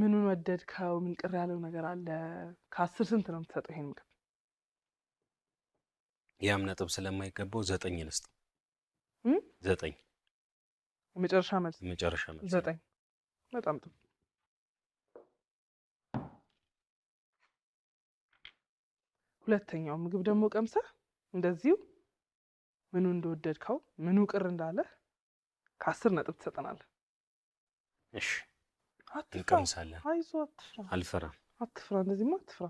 ምኑን ወደድከው? ምን ቅር ያለው ነገር አለ? ከአስር ስንት ነው የምትሰጠው ይሄን ምግብ? ያም ነጥብ ስለማይገባው ዘጠኝ ልስጥ። ዘጠኝ የመጨረሻ መልስ፣ የመጨረሻ መልስ ዘጠኝ። በጣም ጥሩ። ሁለተኛው ምግብ ደግሞ ቀምሰህ እንደዚሁ ምኑ እንደወደድከው ምኑ ቅር እንዳለ ከአስር ነጥብ ትሰጠናለህ። እሺ እንቀምሳለን። አይዞህ አትፍራ። አልፈራም። አትፍራ፣ እንደዚህማ አትፍራ።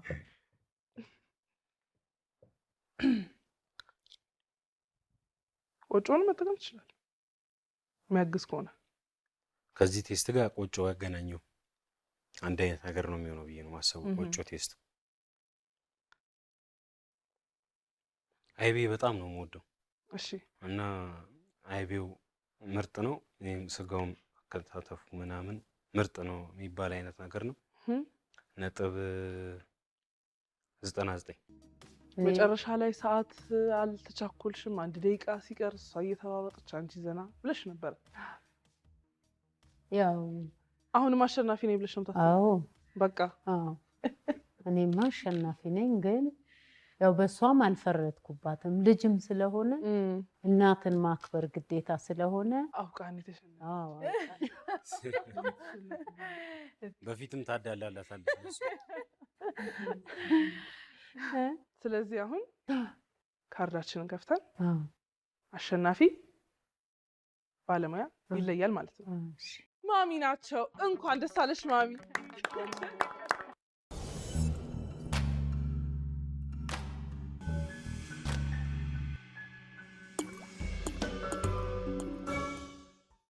ቆጮውን መጠቀም ትችላለህ የሚያግዝ ከሆነ ከዚህ ቴስት ጋር ቆጮ ያገናኘው አንድ አይነት ነገር ነው የሚሆነው ብዬ ነው ማሰቡ። ቆጮ ቴስት አይቤ በጣም ነው የምወደው። እሺ። እና አይቤው ምርጥ ነው። እኔም ስጋውን አከታተፉ ምናምን ምርጥ ነው የሚባል አይነት ነገር ነው። ነጥብ ዘጠና ዘጠኝ መጨረሻ ላይ ሰዓት አልተቻኮልሽም። አንድ ደቂቃ ሲቀር እሷ እየተባበጠች አንቺ ዘና ብለሽ ነበረ። ያው አሁንም አሸናፊ ነኝ ብለሽ ነው። በቃ እኔማ አሸናፊ ነኝ ግን ያው በእሷም አልፈረድኩባትም። ልጅም ስለሆነ እናትን ማክበር ግዴታ ስለሆነ በፊትም ታዳላላት። ስለዚህ አሁን ካርዳችንን ከፍተን አሸናፊ ባለሙያ ይለያል ማለት ነው። ማሚ ናቸው። እንኳን ደስ አለሽ ማሚ።